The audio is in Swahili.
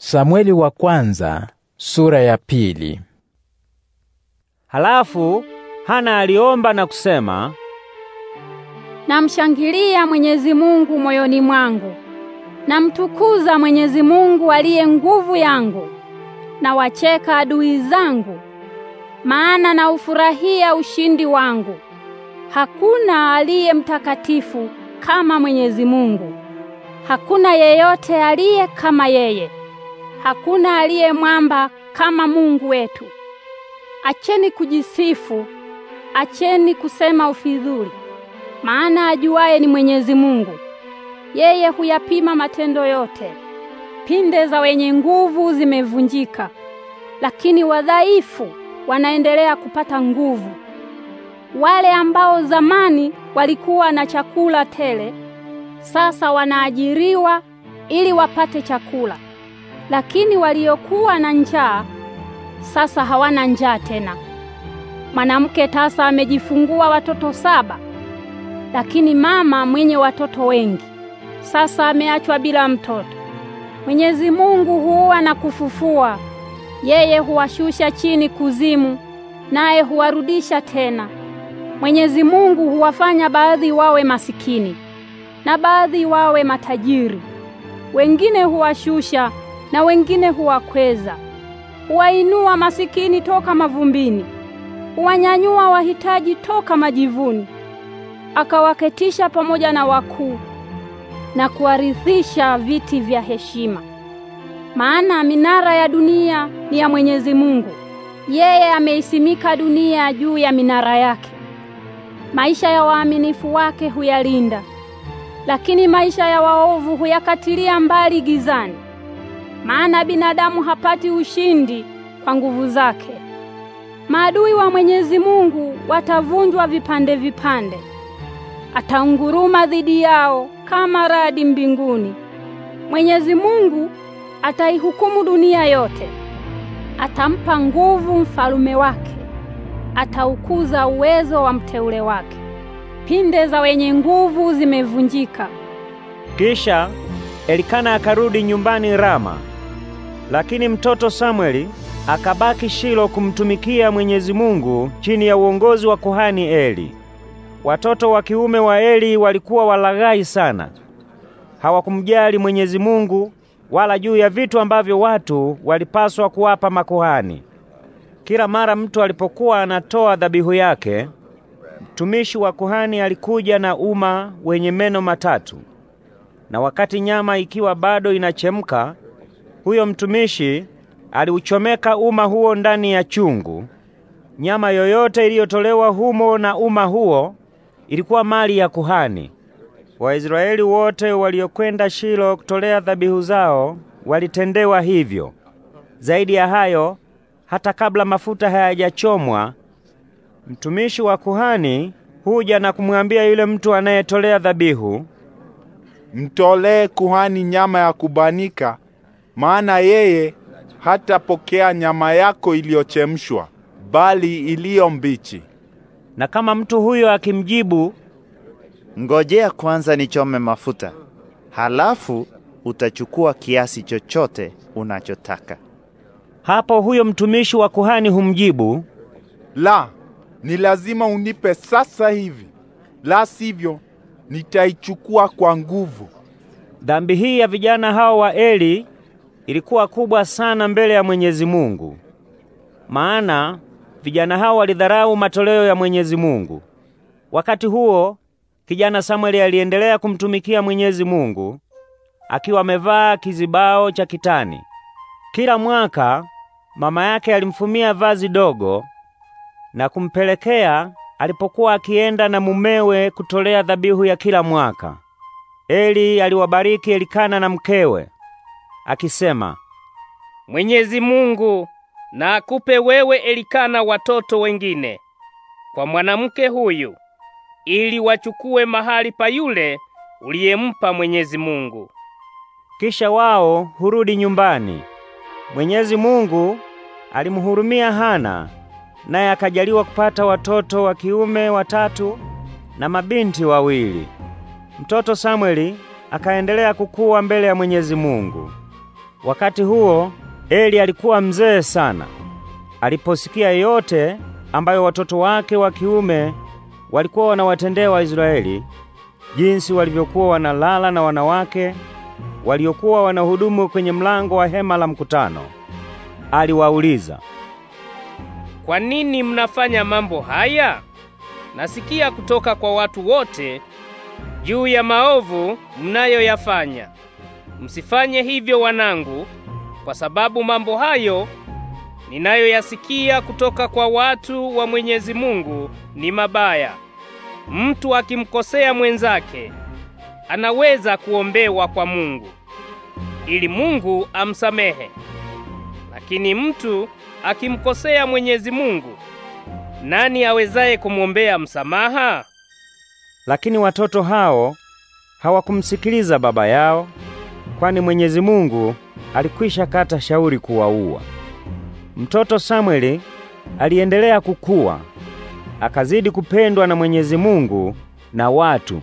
Samweli wa kwanza, sura ya pili. Halafu Hana aliomba na kusema, namshangilia Mwenyezi Mungu moyoni mwangu, namtukuza Mwenyezi Mungu aliye nguvu yangu, na wacheka adui zangu, maana naufurahia ushindi wangu. Hakuna aliye mtakatifu kama Mwenyezi Mungu, hakuna yeyote aliye kama yeye. Hakuna aliye mwamba kama Mungu wetu. Acheni kujisifu, acheni kusema ufidhuli, maana ajuaye ni Mwenyezi Mungu. Yeye huyapima matendo yote. Pinde za wenye nguvu zimevunjika, lakini wadhaifu wanaendelea kupata nguvu. Wale ambao zamani walikuwa na chakula tele, sasa wanaajiriwa ili wapate chakula. Lakini waliokuwa na njaa sasa hawana njaa tena. Mwanamke tasa amejifungua watoto saba, lakini mama mwenye watoto wengi sasa ameachwa bila mtoto. Mwenyezi Mungu huua na kufufua, yeye huwashusha chini kuzimu, naye huwarudisha tena. Mwenyezi Mungu huwafanya baadhi wawe masikini na baadhi wawe matajiri, wengine huwashusha na wengine huwakweza. Huwainua masikini toka mavumbini, huwanyanyua wahitaji toka majivuni. Akawaketisha pamoja na wakuu na kuwarithisha viti vya heshima. Maana minara ya dunia ni ya Mwenyezi Mungu, yeye ameisimika dunia juu ya minara yake. Maisha ya waaminifu wake huyalinda, lakini maisha ya waovu huyakatilia mbali gizani maana binadamu hapati ushindi kwa nguvu zake. Maadui wa Mwenyezi Mungu watavunjwa vipande vipande, ataunguruma dhidi yao kama radi mbinguni. Mwenyezi Mungu ataihukumu dunia yote, atampa nguvu mfalume wake, ataukuza uwezo wa mteule wake. Pinde za wenye nguvu zimevunjika. Kisha Elikana akarudi nyumbani Rama. Lakini mtoto Samweli akabaki Shilo kumtumikia Mwenyezi Mungu chini ya uongozi wa kuhani Eli. Watoto wa kiume wa Eli walikuwa walaghai sana, hawakumjali Mwenyezi Mungu wala juu ya vitu ambavyo watu walipaswa kuwapa makuhani. Kila mara mtu alipokuwa anatoa dhabihu yake, mtumishi wa kuhani alikuja na uma wenye meno matatu, na wakati nyama ikiwa bado inachemka huyo mtumishi aliuchomeka uma huo ndani ya chungu. Nyama yoyote iliyotolewa humo na uma huo ilikuwa mali ya kuhani. Waisraeli wote waliokwenda Shilo kutolea dhabihu zao walitendewa hivyo. Zaidi ya hayo, hata kabla mafuta hayajachomwa, mtumishi wa kuhani huja na kumwambia yule mtu anayetolea dhabihu, mtolee kuhani nyama ya kubanika maana yeye hatapokea nyama yako iliyochemshwa, bali iliyo mbichi. Na kama mtu huyo akimjibu, ngojea kwanza nichome mafuta, halafu utachukua kiasi chochote unachotaka. Hapo huyo mtumishi wa kuhani humjibu, la, ni lazima unipe sasa hivi, la sivyo nitaichukua kwa nguvu. Dhambi hii ya vijana hao wa Eli ilikuwa kubwa sana mbele ya Mwenyezi Mungu, maana vijana hao walidharau matoleo ya Mwenyezi Mungu. Wakati huo kijana Samweli aliendelea kumtumikia Mwenyezi Mungu akiwa amevaa kizibao cha kitani. Kila mwaka mama yake alimfumia vazi dogo na kumpelekea alipokuwa akienda na mumewe kutolea dhabihu ya kila mwaka. Eli aliwabariki Elikana na mkewe akisema, Mwenyezi Mungu na akupe wewe Elikana watoto wengine kwa mwanamke huyu ili wachukue mahali pa yule uliyempa Mwenyezi Mungu. Kisha wao hurudi nyumbani. Mwenyezi Mungu alimhurumia Hana, naye akajaliwa kupata watoto wa kiume watatu na mabinti wawili. Mtoto Samweli akaendelea kukua mbele ya Mwenyezi Mungu. Wakati huo Eli alikuwa mzee sana. Aliposikia yote ambayo watoto wake wa kiume walikuwa wanawatendea Waisraeli, jinsi walivyokuwa wanalala na wanawake waliokuwa wanahudumu kwenye mlango wa hema la mkutano, aliwauliza, kwa nini mnafanya mambo haya? Nasikia kutoka kwa watu wote juu ya maovu mnayoyafanya. Msifanye hivyo wanangu, kwa sababu mambo hayo ninayoyasikia kutoka kwa watu wa Mwenyezi Mungu ni mabaya. Mtu akimkosea mwenzake anaweza kuombewa kwa Mungu ili Mungu amsamehe, lakini mtu akimkosea Mwenyezi Mungu, nani awezaye kumwombea msamaha? Lakini watoto hao hawakumsikiliza baba yao kwani Mwenyezi Mungu alikwisha kata shauri kuwaua. Mtoto Samweli aliendelea kukua, akazidi kupendwa na Mwenyezi Mungu na watu